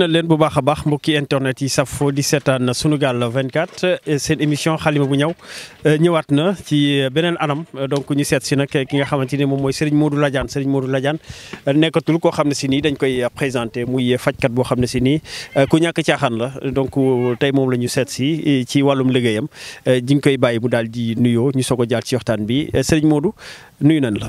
na leen bu a baax mbokki internet yi safo di eh, eh, na ci eh, beneen anam donc ñu seet si nag ki nga xamante ni moom mooy Serigne Modou Ladiane Serigne Modou Ladiane nekkatul koo xam ne si nii dañ koy présenté muy fajkat boo xam ne si nii ku ñàkk caaxaan la donc tey moom la ñu seet si ci wàllum liggéeyam di nga koy bàyyi mu daal di nuyoo ñu soog a jaar ci waxtaan bi Serigne Modou nuyu nañ la.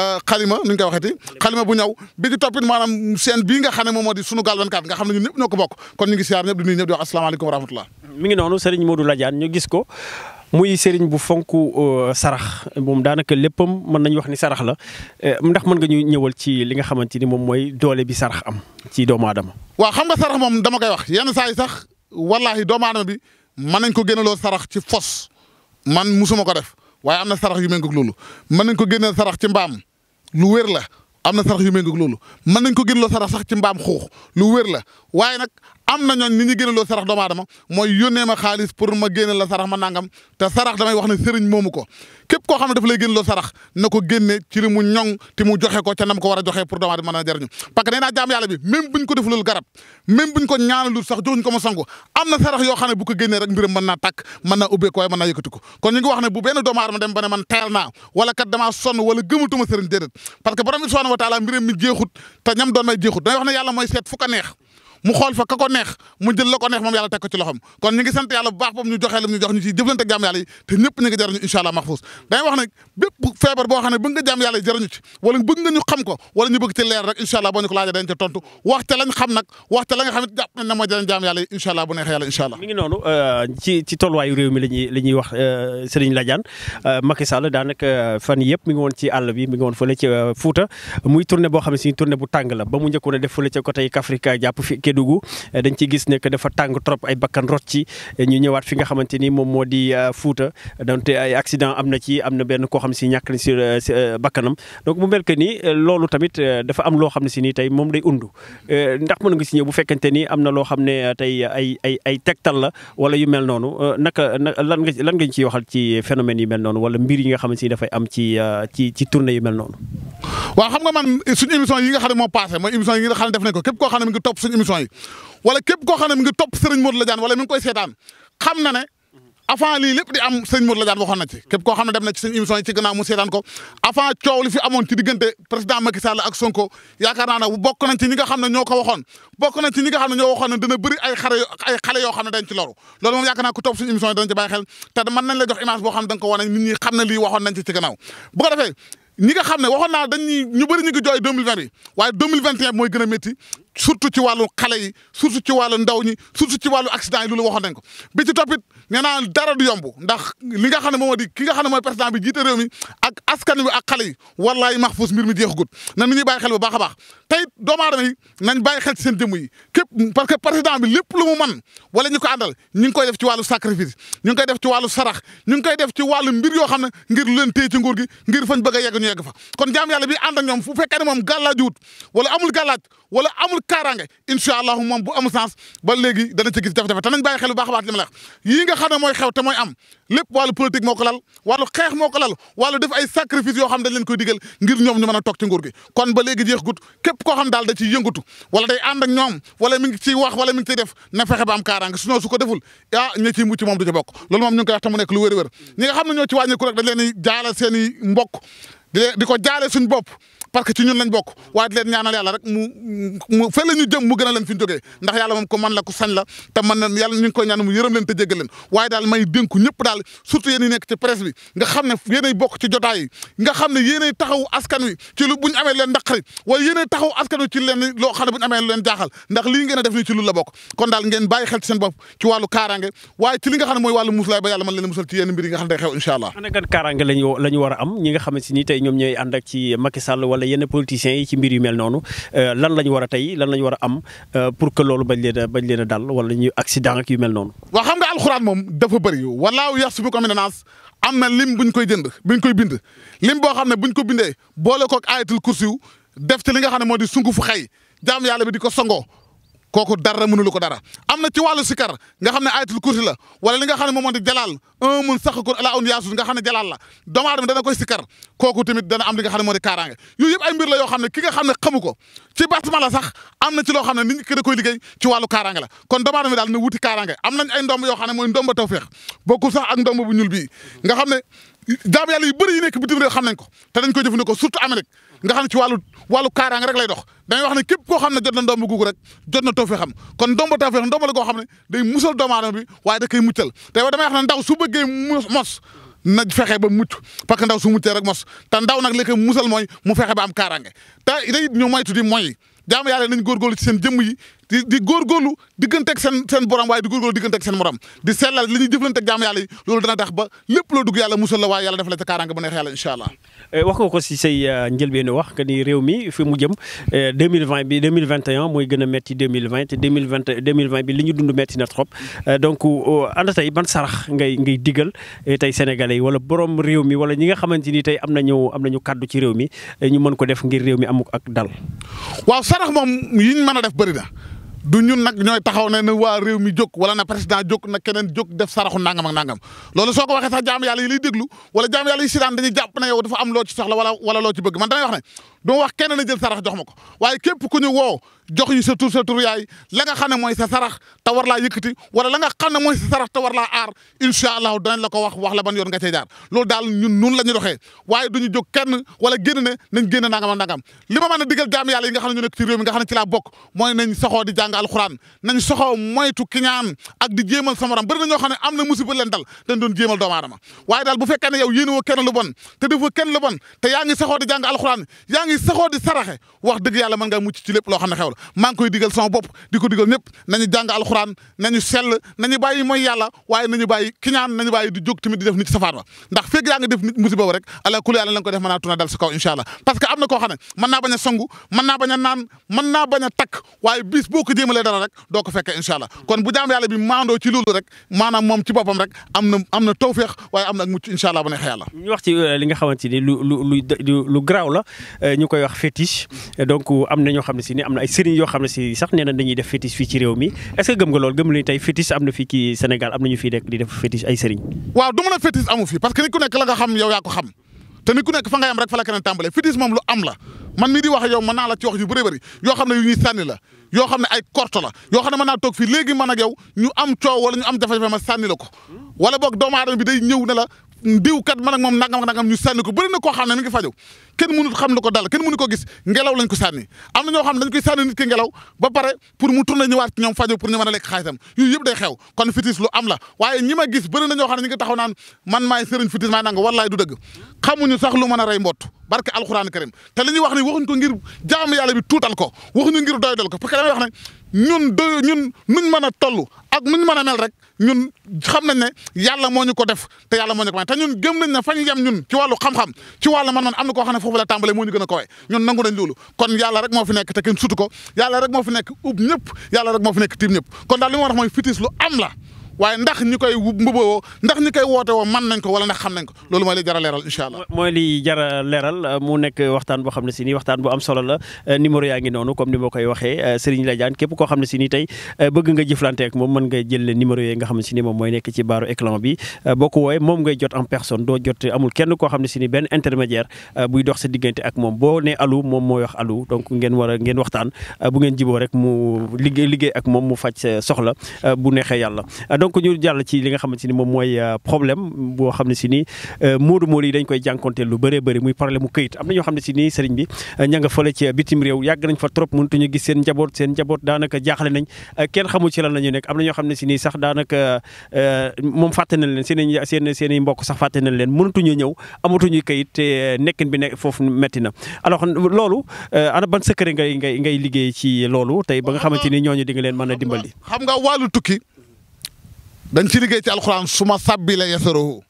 xalima nu ñu koy waxeeti xalima bu ñaw bi di toppit maanaam seen bii nga xam ne moom moo di sunu gaal 24 nga xam ne ñun ñëpp ñoo ko bokk kon ñu ngi siyaar ñëpp di ñëpp di wax asalaamaaleykum wa rahmatullah mi ngi noonu euh, sarax ni sarax la euh, ndax man nga ñu ñëwal ci li nga xamante ni moom mooy doole bi sarax am ci doomu aadama. waaw xam nga sarax moom dama koy wax yenn saa yi sax wallaahi doomu aadama bi mën nañ ko génneloo sarax ci fos man musuma ko def waaye am na sarax yu méngoog loolu mën nañ ko génneel sarax ci mbaam lu wér la am na sarax yu méngoog loolu mën nañ ko gën loo sarax sax ci mbaam xuux lu wér la waaye nag am na ñooñ ni ñu génneloo sarax doomu mooy yónnee xaalis pour ma génne la sarax ma nangam te sarax damay wax ne sëriñ moomu ko képp koo xam ne daf lay génneloo sarax na ko génne ci joxe ko a a jariñu parce que nee naa jaam yàlla bi na yoo xam ne bu ne bu benn doomu aadama dem ba ne man teel naa wala kat damaa sonn wala gëmatuma mi jeexut te ñam doon may jeexut dañuy mooy seet fu neex mu xool fa ka ko neex mu jël la ko neex moom yàlla teg ci loxom kon ñu ngi sant yàlla bu baax boobu ñu joxee lam jox ñu ci jëflante ak jàmm yàlla yi te ñëpp ñu ngi jëriñu boo xam ne bëgg nga jàmm yàlla yi ñu xam ko wala ñu bëgg ci leer rek incha allah boo ñu ko laajee dañ ca tontu wax te lañ xam wax te la nga xam it euh, euh, euh, daanaka fan yëpp mu ngi woon ci àll bi mi ngi woon fële ci muy tournée boo xam ne si tournée bu tàng la ba mu njëkkoon a def fële ca côté Kaffrine jàpp fi Kédougou dañ ci gis ne que dafa tàng trop ay bakkan rot ci ñu ñëwaat fi nga xamante ni moom moo di euh, Fouta donte ay accident am na ci am na benn koo xam si ñàkk na si euh, euh, bakkanam donc mu mel que ni loolu tamit dafa am loo xam ne si nii tey moom day undu ndax mën nga si ñëw bu fekkante ni am na loo xam ne tey ay ay ay tegtal la wala yu mel noonu naka lan nga lan nga ñu ciy waxal ci phénomène yu mel noonu wala mbir yi nga xamante ni dafay am ci ci ci tournée yu mel noonu. waaw xam nga man suñu émission yi nga xam ne moo passé mooy émission yi nga xam ne def nañ ko képp koo xam ne mi ne mi ngi topp xam ne avant ne dem na yi ci gannaaw mu seetaan ko avant coow li fi amoon ci diggante président Macky Sall ak Sonko yaakaar naa ne bokk nañ ci ñi nga xam ne ñoo ko waxoon bokk nañ ci ñi xam ne ñoo waxoon ne dina bëri ay xale yoo xam ne dañ ci loru loolu moom yaakaar naa ku topp suñu émission yi dañ ci bàyyi xel te mën nañ la jox image boo xam ne da ko wane nit xam ne lii ñi nga xam ne waxoon naa dañ ñu bëri ñu ngi jooy 2020 bi waaye 2021 mooy gën a métti surtout ci wàllu xale yi surtu ci wàllu ndaw ñi surtout ci wàllu accident yi loolu waxoon nañ ko bi ci toppit nee naa dara du yomb ndax li nga xam ne moom di nga xam ne mooy président bi jiite réew mi ak askan wi ak xale yi wallaay Mahfouss mbir mi jeexagut na nit ñuy bàyyi xel bu baax a baax tey doomu aadama yi nañ bàyyi xel ci seen jëmm yi lu mu man wala ñu ko àndal ñu ngi koy def ci wàllu sacrifice ñu ngi koy def ci wàllu sarax ñu ngi koy def ci wàllu mbir yoo xam ne ngir lu leen téye ci nguur gi ngir fañ bëgg a yegg ñu yegg fa kon jaam yàlla bi ànd ak ñoom fu fekkee ne moom gàllaaj wut wala wala amul kaaraange incha allahu moom bu am sens ba léegi dana ci gis jafe-jafe te nañ bàyyi xel bu baax a baax li ma la wax yii nga xam ne mooy xew te mooy am lépp wàllu politique moo ko lal wàllu def ay sacrifice yoo xam dañ leen koy digal ngir ñoom ñu mën a toog ci nguur gi kon ba léegi jeex gut képp koo xam daal da ciy yëngatu wala day ànd ak ñoom wala mi ngi ciy wax wala mi ngi def na fexe ba am kaaraange sinon su ko deful ah ña ciy moom du ci bokk loolu moom ñu ngi koy wax te mu i ko jaale suñ bopp parce que ci ñun lañ bokk waaye di ñaanal yàlla rek mu mu ñu jëm mu gën a leen fi ñu ndax yàlla moom ko man la ko sañ la te man na yàlla koy ñaan mu yërëm leen te leen waaye daal may dénku ñëpp daal surtout yéen nekk ci presse bi nga xam ne yéenay bokk ci jotaay nga xam ne yéenay taxaw askan wi ci lu buñu amee leen ndaqari wala yéenay taxaw askan wi ci leen loo xam ne buñu amee leen jaaxal ndax lii ngeen a def nii ci lu la bokk kon daal ngeen wala yenn politiciens yi ci mbir yu mel noonu euh, lan lañu ñu war a tey lan lañu ñu war a am euh, pour que loolu bañ leen a bañ leen a dal wala ñuy accident ak yu mel noonu. waaw xam nga alxuraan moom dafa bëri u yas bi ko menace am na lim buñ koy jënd buñ koy bind lim boo xam ne buñ ko bindee boole koog ayatul kursiw def ci li nga xam ne moo di fu xay jaam yàlla bi di ko songoo kooku dara mënulu ko dara am na ci wàllu sikar nga xam ne ayatul kursi la wala li nga xam ne moom moo di jalaal un mun sax kur ala un yaasus nga xam ne jalaal la doomu aadama dana koy sikar kooku tamit dana am li nga xam ne moo di kaaraange yooyu ay mbir la yoo xam ne ki nga xam ne xamu ko ci basma la sax am na ci xam ne nit ñi ki da koy liggéey ci wàllu kaaraange la kon doomu aadama daal ne wuti kaaraange am nañ ay ndomb sax ak ndomb bu ñuul bii nga xam ne jaam yàlla yu bëri yi nekk bitim réew xam nañ ko te dañ koy jëfandikoo surtout Amérique nga xam ne ci wàllu wàllu kaaraange rek lay dox dañuy wax ne ko koo xam ne jot na ndomb googu rek jot na tawfeex xam kon ndomb tawfeex ndomb la koo xam ne day musal doomu aadama bi waaye da koy muccal te yow damay wax ne ndaw su bëggee mos na fexe ba mucc parce que ndaw su muccee rek mos te ndaw nag li koy musal mooy mu fexe ba am kaaraange te day ñu di mooy jaam yàlla nañ góorgóorlu ci seen jëmm yi di di góorgóorlu digganteeg seen seen borom waaye di góorgóorlu digganteeg seen morom di sellal li ñuy jëflanteeg jaam yàlla yi loolu dana tax ba lépp loo dugg yàlla musal la waaye yàlla def la ba neex yàlla incha allah eh, wax nga ko si say euh, njëlbeenu wax que ni réew mi fi mu jëm 2020 euh, bi mille mooy gën a métti 2020 te 2020 2020 bi li ñu dund métti na trop euh, donc ànd tey ban sarax ngay ngay digal tey sénégalais yi wala réew mi wala ñi nga xamante ni tey am nañu am nañu kàddu ci réew mi ñu mën ko def ngir réew mi amuk ak dal waaw sarax a du ñun nag ñooy taxaw ne ne waa réew mi jóg wala na président jok na keneen jóg def saraxu nangam ak nangam loolu soo ko waxee sax jaam yàlla yi lay déglu wala jaam yàlla yi sidaan dañuy jàpp ne yow dafa am loo ci soxla wala wala loo ci bëgg man damay wax ma wax kenn na jël sarax jox ma ko waaye képp ku ñu woo jox ñu sa tur sa tur yaay la nga xam ne mooy sa sarax te war laa yëkkati wala la nga xam ne mooy sa sarax te war laa aar incha allah danañ la ko wax wax la ban yoon nga cay jaar loolu daal ñun nun la ñu doxee waaye duñu jóg kenn wala génn ne nañ génn nangam nangam li ma mën a digal jaam yàlla yi nga xam ne ñu nekk ci mi nga xam ne ci laa bokk mooy nañ soxoo di jàng alxuraan nañ soxoo di jéemal sa morom bëri na ñoo xam ne am na musiba leen dal dañ doon jéemal doomu aadama waaye daal bu fekkee ne yow yéenewoo kenn lu bon te defoo kenn ngi soxoo di jàng alxuraan yaa ngi soxoo di saraxe wax dëgg yàlla mën nga mucc ci lépp loo xam ne xew la maan ngi koy digal sama bopp di ko digal ñëpp nañu jàng alxuraan nañu sell nañu bàyyi mooy yàlla waaye nañu bàyyi kiñaan nañu bàyyi di jóg tamit di def nit safaan wa ndax fekk def nit musiba rek a songu mën naa bañ rek allah kon yàlla bi koy wax fétiche donc am na xam ne si ni am na ay sëriñ nii yoo xam ne si sax nee na dañuy def fétiche fii ci réew mi est-ce que gëm nga loolu gëm lañu tey fétiche am na fii kii Sénégal am na ñu fii nekk di def fétiche ay sëriñ waaw du mën a fétiche amu fi parce que nit ku nekk la nga xam yow yaa ko xam te nit ku nekk fa ngay am rek fa la keneen tàmbalee fétiche moom lu am la man mii di wax yow mën naa la ci wax yu bëri bëri yoo xam ne yu ñuy sànni la yoo xam ne ay korto la yoo xam ne mën naa toog fii léegi diw kat man ak moom nangam nangam ñu sànni ko bëri na koo xam ne mi ngi faju kenn mënut xam na ko dal kenn mënu ko gis ngelaw lañ ko sànni am na ñoo xam ne dañ koy sànni nit ki ngelaw ba pare pour mu tourné ñëwaat ci ñoom faju pour ñu a xew kon fitis lu am la waaye ñi ma gis bëri na ñoo xam ne ñu naan man maay sëriñ fitis maay nanga wallaay du dëgg xamuñu sax lu mën a rey mbott barke alxuraan karim te li wax ni waxuñ ko ngir jaam yàlla bi tuutal ko waxuñu ko parce que damay wax ne ñun ñun a toll ak nuñ mën a mel rek ñun xam nañ ne yàlla moo ñu ko def te yàlla moo ñu ko may te ñun gëm na ne fa ñu yem ñun ci wàllu xam-xam ci wàllu man-man am na koo xam ne foofu la tàmbalee moo ñu gën a ñun nangu nañ loolu kon yàlla rek moo fi nekk te kenn sutu ko yàlla rek moo fi nekk ub ñëpp yàlla rek moo fi nekk tiim ñëpp kon daal li ma wax mooy fitis lu am waaye ndax ñi koy mbubawoo ndax ñi koy woote woo mën nañ ko wala ndax xam nañ ko loolu mooy li jar a leeral incha allah mooy li jar a mu nekk waxtaan boo xam ne si nii waxtaan bu am solo la eh, numéro yaa ngi noonu comme ni ma koy waxee eh, Serigne Ladiane képp koo xam ne si nii tey eh, bëgg nga jëflante ak moom mën nga jël numéro yooyu nga xam ne si ni moom mooy nekk ci baaru écran bi boo ko wooyee moom ngay jot en personne doo jot amul kenn koo xam ne si ni benn intermédiaire buy dox sa diggante ak moom boo ne alu moom mooy wax alu donc ngeen war a ngeen waxtaan bu ngeen jiboo rek mu liggéey liggéey ak moom mu faj soxla bu neexee yàlla donc ñu jàll ci li nga xamante ni moom mooy euh, problème boo xam ne si ni euh, moodu moodu yi dañ koy jànkonteel lu bëree bëri muy problème mu këyit am na ñoo xam ne si ni sëriñ bi euh, ña nga fële ci bitim réew yàgg nañ fa trop mënatuñu gis seen njaboot seen njaboot daanaka jaaxle nañ kenn xamul ci lan la ñu nekk am xam ne si ni sax daanaka moom fàtte nañ leen seen seen seen i mbokk sax fàtte nañ leen mënatuñu ñëw amatuñu kayit te nekkin bi nekk foofu metti na alors loolu ana ban secret ngay ngay ngay liggéey ci loolu tey ba nga xamante ni ñooñu di nga leen mën a dimbali xam nga wàllu tukki dañ ci liggéey ci alxuraan su ma sàbbi la yasaruhu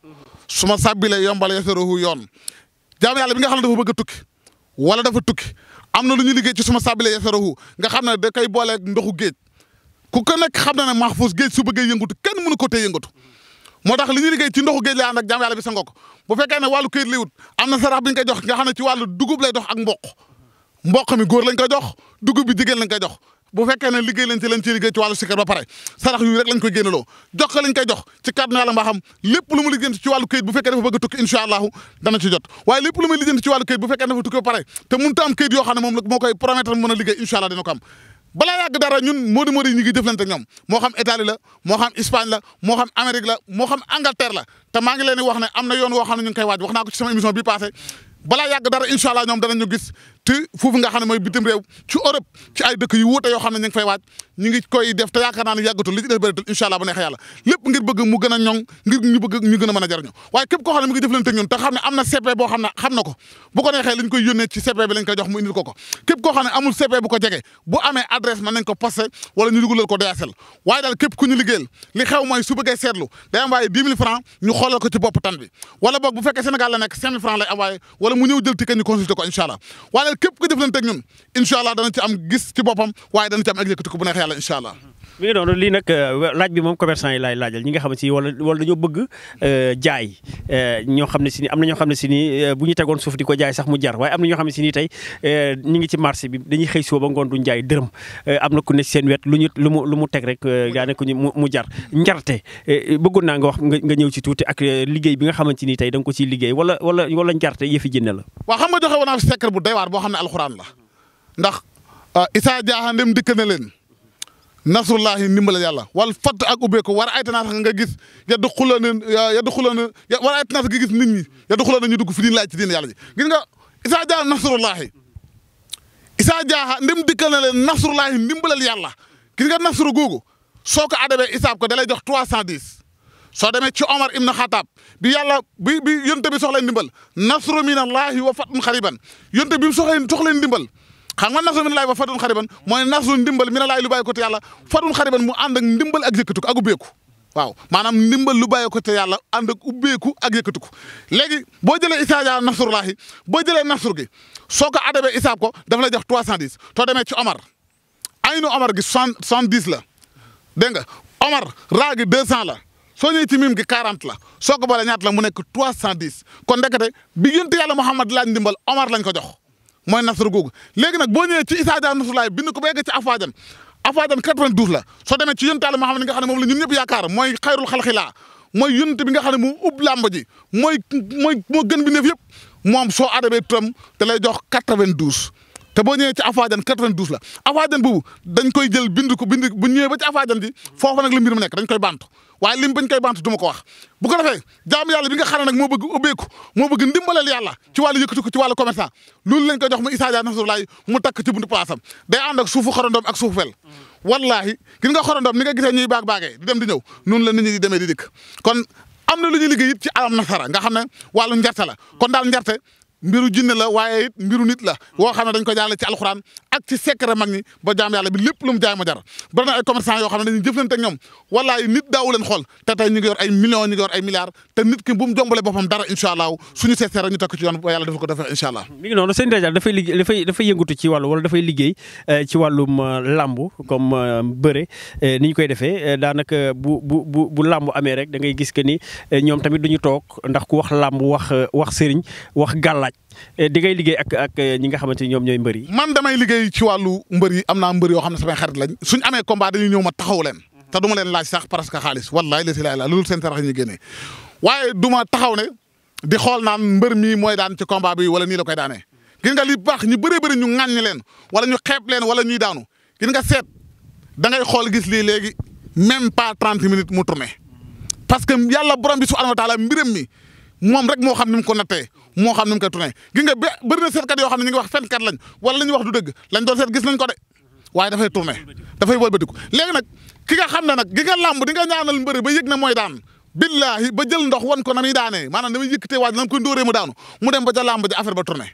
su ma sàbbi la yombal yasaruhu yoon jaam yàlla bi nga xam ne dafa bëgg a tukki wala dafa tukki am na lu ñu liggéey ci suma sàbbi la yasaruhu nga xam ne da koy booleeg ndoxu géej ku ko nekk xam na ne mahfuz géej su bëggee yëngutu kenn mënu ko tee yëngatu moo tax li ñu liggéey ci ndoxu géej la ànd ak jaam yàlla bi sango ko bu fekkee ne wàllu këyit lay wut am na sarax bi ñu jox nga xam ne ci wàllu dugub lay dox ak mboq mboq mi góor lañ koy jox dugub bi jigéen lañ koy jox bu fekkee ne liggéey lañ ci lañ ci liggéey ci wàllu sikkar ba pare sarax yu rek lañ koy génneloo jox ko lañ koy jox ci kàddu yàlla lépp lu mu lijjanti ci wàllu kayit bu fekkee dafa bëgg a tukki incha allahu dana ci jot waaye lépp lu muy lijjanti ci wàllu kayit bu fekkee ba pare te mënut a am kayit moom moo koy promettre mën a liggéey incha allah dina ko am balaa dara ñun moodi moodi ñu ngi ñoom moo xam Italie la moo xam Espagne la moo xam Amérique la moo xam Angleterre la te maa ngi leen di wax ne am na yoon woo xam ne ñu ngi koy waaj wax ti foofu nga xam ne mooy bitim réew ci Europe ci ay dëkk yu wuute yoo xam ne ñu ngi waaj ñu koy def te yaakaar naa ne li ci des bëritul incha allah bu lépp ngir bëgg mu gën a ñoŋ ngir ñu bëgg ñu gën a mën a jariñu waaye képp koo xam ne mu ngi jëflante ñun te xam ko bu ko xam ne amul CP bu ko jege bu amee adresse mën nañ ko posté wala ñu dugalal ko DSL waaye daal képp ku ñu liggéeyal li xew mooy su bëggee seetlu day waaye 10 000 képp ku jëflante ak ñun incha allah dana ci am gis ci boppam waaye dana ci am exécuté ku bu neex yàlla incha allah mi ngi doon lii nag euh, laaj bi moom commerçant yi laay laajal ñi nga xam ne si wala wala dañoo bëgg euh, jaay euh, ñoo xam ne si ni am na ñoo xam ne si ni bu ñu tegoon suuf di ko jaay sax mu jar waaye am na ñoo xam ne si ni tey ñu ngi ci marché bi dañuy xëy suba ba ngoon duñ jaay dërëm am na ku ne seen wet lu ñu lu mu lu mu teg rek yaa ne ko mu jar njarte bëggoon naa nga wax nga ñëw ci tuuti ak liggéey bi nga xamante ni tey da ko ciy liggéey wala wala wala njarte yëfi jën la waa xam nga joxe woon naa secret bu doy waar boo xam ne alxuraan la ndax isaa jaaxandem dikk na leen nasrullahi ndimbala yàlla wal fatt ak ubbeeku war ay tanaas nga gis yaddu xuloon yaddu xuloon war ay tanaas nga gis nit ñi yaddu xuloon ñu dugg fi diin laaj ci diin yàlla ji gis nga isaa jaa nasrullahi isaa jaaxa ndim dikkal na leen nasrullahi ndimbalal yàlla gis nga nasru googu soo ko adabee isaab ko dalay jox trois cent dix soo demee ci Omar ibn Khattab bi yàlla bi bi yonte bi soxla ndimbal nasru minallahi wa fatun xariban yonte bi mu soxla soxla ndimbal xam nga nasru min laay ba fadun xariban mooy nasru ndimbal mi na laay lu bàyyi ko te yàlla fadun xariban mu ànd ak ndimbal ak yëkkatu ko ak ubbeeku waaw maanaam ndimbal lu bàyyi ko te yàlla ànd ubeeku ubbeeku ak yëkkatu ko léegi boo jëlee isaaja nasrullaahi boo jëlee nasru gi soo ko adabee isaab ko def lay jox 310 too demee ci Omar aynu Omar gi 70 la dégg nga Omar raa gi 200 la soo ñëwee ci mim gi 40 la soo ko boole ñaata la mu nekk 310 kon ndekete bi yënt yàlla Muhammad laaj ndimbal Omar lañ ko jox. mooy nasr googu léegi nag boo ñëwee ci isaajaa nasrulaay bind ko ba yegg ci afaajan afaajan 92 la soo demee ci yontaal Muhammad ni nga xam ne moom la ñun ñëpp yaakaar mooy xayrul xalqi laa mooy yonent bi nga xam ne moo ub làmb mooy mooy moo gën bi neef yëpp moom soo adabee turam da lay jox 92 te boo ñëwee ci Afaajane 92 la Afaajane boobu dañ koy jël bind ko bind bu ñëwee ba ci Afaajane ji foofu nag la mbir mu nekk dañ koy bantu waaye lim bañ koy bantu du ma ko wax. bu ko defee jaamu yàlla bi nga xam ne nag moo bëgg ubbeeku moo bëgg ndimbalal yàlla ci wàllu yëkkati ko ci wàllu commerçant loolu lañ koy jox mu Issa Dia Nasrullahi mu takk ci buntu place day ànd ak suufu xorandoom ak suufu fel. wallaahi gis nga xorandoom ni nga gisee ñuy di dem di ñëw noonu la nit ñi demee di dikk na lu mbiru jinne la waaye it mbiru nit la mm. woo xam ne dañ ko jaarale ci alxuraan ci secret mag ñi ba jaam yàlla bi lépp lu mu jaay mu jar bari na ay commerçant yoo xam ne dañuy jëflante ak ñoom wallaay nit daawu leen xool te tey ñu ngi yor ay millions ñu ngi yor ay milliards te nit ki bu mu jombale boppam dara incha allah suñu seetee rek ñu wàllu wala dafay liggéey eh, ci eh, eh, ni ñu koy defee daanaka bu bu bu bu làmb amee rek da ngay gis que ni ñoom tamit duñu toog ndax ku wax làmb wax wax sëriñ wax gàllaaj Eh, di ngay liggéey ak ak eh, ñi nga xamante ni ñoom ñooy mbër yi. man damay liggéey ci wàllu mbër yi am naa mbër yoo xam ne samay xarit lañ suñ amee combat dañuy ñëw ma taxaw leen te du ma leen laaj sax parce xaalis wallaay la si laay la loolu seen sarax ñu génnee waaye du taxaw ne di xool naan mbër mii mooy daan ci combat bi wala nii la koy daanee gis nga li baax ñu bëree bëri ñu ŋàññi leen wala ñu xeeb leen wala ñuy daanu gis nga seet da ngay xool gis lii léegi même pas trente minutes mu tourné parce que yàlla borom bi subhanahu wa taala mbiram mi moom rek moo xam ni mu ko nattee moo xam ni mu koy tourné gi nga bëri na seetkat yoo xam ne ñu ngi wax fenkat lañ wala la wax du dëgg lañ doon seet gis nañ ko de waaye dafay tourné dafay wëlbatiku léegi nag ki nga xam ne nag gi nga làmb di nga ñaanal mbëri ba yëg na ko na muy daanee maanaam waaj na mu koy ndóoree mu daanu mu dem ba ca làmb ba tourné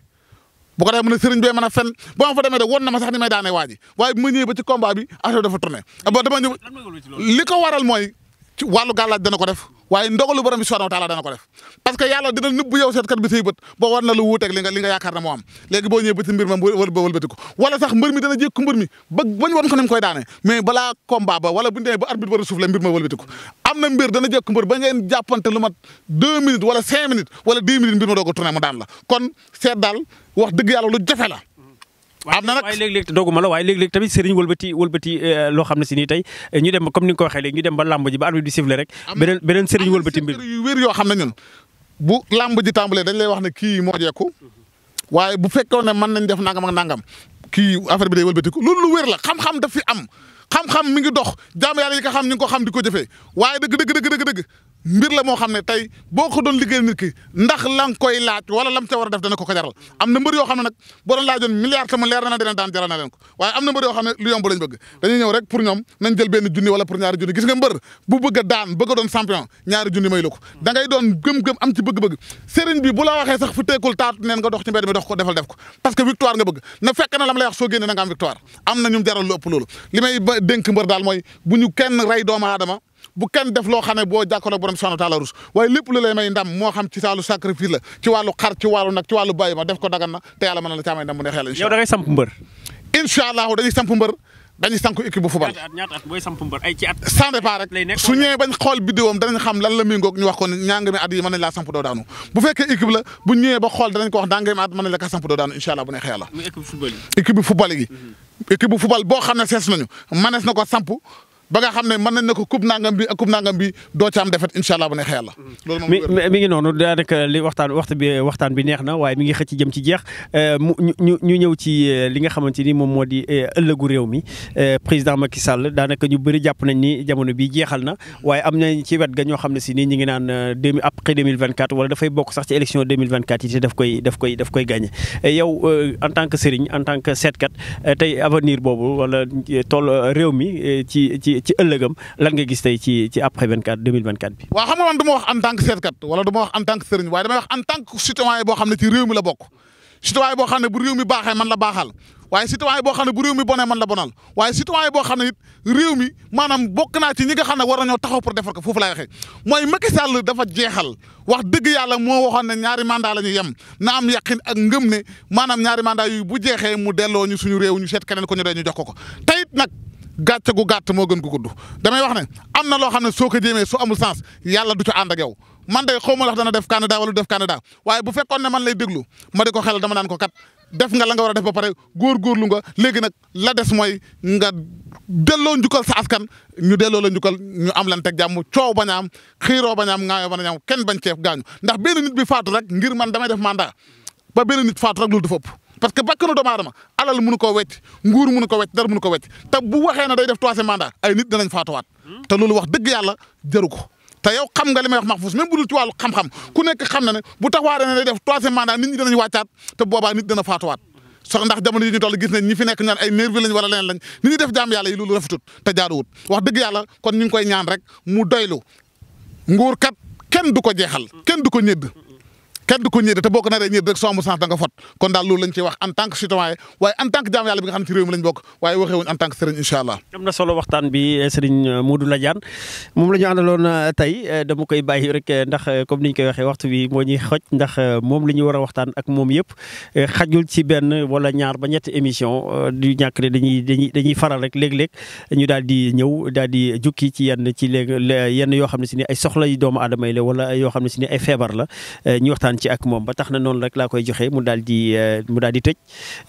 bu ko defee mu bee mën a fen ba fa demee de won na ma sax ni may daanee waa ji waaye bu ma ñëwee ba ci combat bi affaire dafa tourné li ko waral mooy ci wàllu dana waaye ndogalu borom bi subhanahu wa taala dana ko def parce que yàlla dina nëbb yow seetkat bi say bët ba war lu wuuteeg li nga yaakaar na moo am boo ñëwee ba mbir ma wël ba sax mbër mi dana jékku mbër mi ba bañu wan ko ni a la mbir ma wëlbatiku am na mbir dana jékku mbër ba ngeen jàppante lu mat deux minutes wala cinq minutes wala dix minutes mbir ma doog a tourné mu daan la kon seet daal wax dëgg yàlla lu jafe la am na nag waaye léeg-léeg doguma la waaye léeg-léeg tamit sëriñ wëlbati wëlbati euh, loo xam ne si nii tey euh, ñu dem ba comme ni nga ko waxee léegi ñu dem ba làmb ji ba arbitre bi sifflé rek beneen beneen sëriñ wëlbati mbir yu wér yoo xam ne ñun bu làmb ji dañ lay wax ne kii moo jekku waaye bu fekkoon ne mën nañ def nangam ak nangam kii affaire bi day wëlbatiku loolu lu wér la xam-xam dafi am xam-xam mi ngi dox jaam yàlla yi nga xam ñu ko xam di ko jëfee waaye dëgg dëgg dëgg dëgg mbir la moo xam ne tey boo ko doon liggéey nit ki ndax la nga koy laaj wala lam ca war a def dana ko ko jaral am na mbër yoo xam ne nag boo doon laajoon milliard sama leer na na dina daan jaral na leen ko waaye am na mbër yoo xam ne lu yomb lañ bëgg dañuy ñëw rek pour ñoom nañ jël benn junni wala pour ñaari junni gis nga mbër bu bëgg a daan bëgg a doon champion ñaari junni may la ko da ngay doon gëm-gëm am ci bëgg-bëgg sëriñ bi bu la waxee sax fu teekul taatu neen nga dox ci mbedd mi dox ko defal def ko parce que victoire nga bëgg na fekk na lam lay wax soo génnee na nga am victoire am na ñum jaral lu ëpp loolu li may dénk mbër daal mooy bu ñu kenn rey doomu aadama bu kenn def loo xam ne boo jàkkaarloo borom subhanahu wa taala rus waaye lépp lu lay may ndam moo xam ci wàllu la ci wàllu xar ci wàllu nag ci wàllu bàyyi ma def ko dagan na la caamay ndam bu neexee la yow da ngay la méngoog ñu wax ko ne ñaangami at yi mën nañ laa samp doo daanu bu fekkee équipe la bu ñëwee ba xool danañ ko wax nangami at mën la ka samp doo daanu bu neexee yàlla équipe bu boo xam ne sees nañu manees na ko samp ba nga xam ne mën nañ na ko coupe nangam bi ak nangam bi doo ci am defet incha allah bu neexee yàlla. loolu mi ngi noonu daanaka li waxtaan waxtu bi waxtaan bi neex na waaye mi ngi xëcc jëm ci jeex euh, mu ñu ñu ñëw ci euh, li nga xamante ni moom moo di euh, ëllëgu réew mi président Macky Sall daanaka ñu bëri jàpp nañ ni jamono bi jeexal na waaye am nañ ci wet ga ñoo xam ne si nii ñu ngi naan deux mille après deux wala dafay bokk sax ci élection deux mille vingt quatre koy daf koy daf koy gagné. en tant que sëriñ en tant que seetkat tey avenir boobu wala tool réew mi ci ci ci ci ëllëgam lan nga gis tey ci ci après 24 2024 bi. waaw xam nga man du ma wax wax en tant que sëriñ waaye damay wax en tant que boo xam ne ci réew mi la bokk citoyen boo ne bu réew mi baaxee la baaxal waaye citoyen boo xam ne man la bonal waaye citoyen boo xam ne it réew maanaam bokk naa ci ñi xam ne war nañoo taxaw pour defar ko foofu laay waxee mooy Macky dafa jeexal wax dëgg yàlla moo waxoon ne ñaari mandat la ñu yem na ak ngëm ne maanaam ñaari mandat yu bu jeexee mu delloo ñu suñu réew ñu seet keneen ko ñu dee ñu jox ko ko tey nag gàcce gu gàtt moo gën gu gudd damay wax ne am na loo xam ne soo ko jéemee su amul sance yàlla du ci ànd ak yow man de xaw ma la dana def candidat wala def candidat waaye bu fekkoon ne man lay déglu ma di ko xelal dama naan ko kat def nga la nga war a def ba pare góorgóorlu nga léegi nag la des mooy nga delloo njukkal sa askan ñu delloo la njukkal ñu am lan teg jàmm coow ba a am xiiroo bañ a am ŋaayoo bañ a am kenn bañ ceeb gaañu ndax benn nit bi faatu rek ngir man damay def mandat ba benn nit faatu rek loolu dafa ëpp parce que bakkanu doomu aadama alal mënu ko wecc nguur mënu ko wecc dara bu waxee day def troisième mandat ay nit danañ faatuwaat te loolu wax dëgg yàlla jaru ko te yow xam nga li may bu dul ci wàllu xam-xam ku nekk xam na ne bu taxawaaree ne day def troisième mandat nit ñi danañ wàccaat te boobaa nit dana faatuwaat sox ndax jamono yi ñu toll gis nañ ñi fi nekk ñaan ay nervi lañ wala leneen lañ ni ñuy def jaam yàlla yi loolu rafetut te jaaruwut du ko jeexal kenn du ko ñëdd kenn du ko ñeete te boo ko naree ñeete rek cent pour cent da nga fot kon daal eh, eh, moom la ñu àndaloon eh, tey dama koy bàyyi rek ndax comme ni ñu koy waxee waxtu bi moo ñuy xoj ndax moom li ñu war a waxtaan ak moom yëpp xajul ci benn wala ñaar ba ñetti émission du ñàkk ne dañuy dañuy dañuy faral rek léeg-léeg daal di ñëw daal di jukki ci yenn ci léeg yenn yoo xam ne si ni ay soxla yu doomu adamay yi la wala yoo xam ne si ni ay feebar la ñu waxtaan waxtaan ci ak moom ba tax na noonu rek laa koy joxe mu daal di euh, mu daal di tëj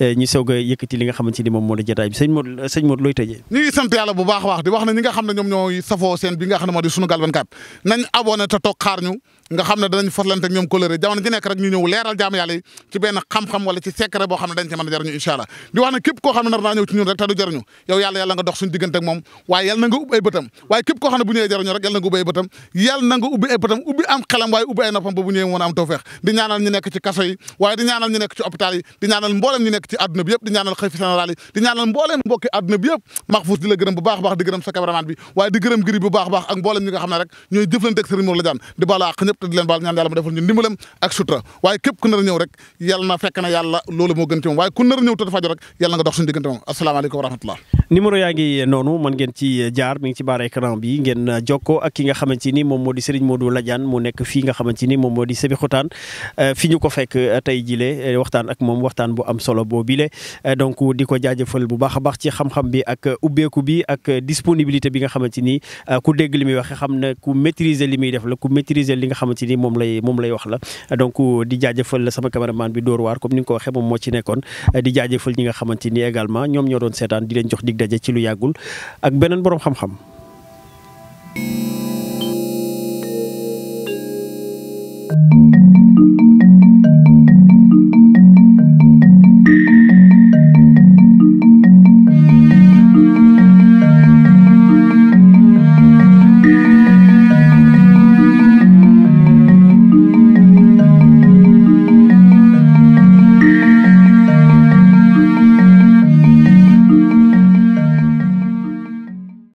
euh, ñu soog yëkkati li nga xamante ni moom moo di jotaay bi sëñ Modou euh, sëñ Modou looy tëjee. ñu ngi yàlla bu baax a baax di wax na ñi nga xam ne ñoom ñooy safoo seen bi nga xam ne moo di Sunugal 24 nañ abonné te toog xaar ñu nga xam ne danañ forlante ak ñoom coloré jamono ji nekk rek ñu leeral jaam yàlla yi ci benn xam-xam wala ci secret boo xam ne dañ ci mën a jariñu di wax ne képp koo xam ne nar naa ñëw ci ñun rek te du jariñu yow yàlla dox suñu diggante moom waaye yàlla na ubbi ay bëtam waaye képp koo xam ne bu ñëwee jariñu rek yàlla na ubbi ay bëtam yàlla na ubbi ay bëtam ubbi am xelam waaye ubbi ay noppam ba bu ñëwee mën am tawfeex di di ñaanal te di leen baal ñaan yàlla mu defal ñu a ñëw rek yàlla a ñëw te dafa faju moom yaa ngi noonu mën ngeen ci jaar mi ngi ci baar écran bi ngeen jokkoo ak ki nga xamante ni moom moo di Serigne Modou Ladiane mu nekk euh, fi ñu ko fekk euh, tey jile euh, waxtaan ak moom waxtaan bu am solo boo bile donc di ko jaajëfal bu baax a baax ci xam-xam bi ak ubbeeku bi ak disponibilité bi nga xamante ni ku dégg li muy waxe xam ne ku maîtriser li muy def la ku maîtriser li nga xam xamante ni moom lay moom lay wax la donc di jaajëfal sama caméraman bi Dóor waar comme ni nga ko waxee moom moo ci nekkoon di jaajëfal ñi nga xamante ni également ñoom ñoo doon seetaan di leen jox dig daje ci lu yàggul ak beneen boroom xam-xam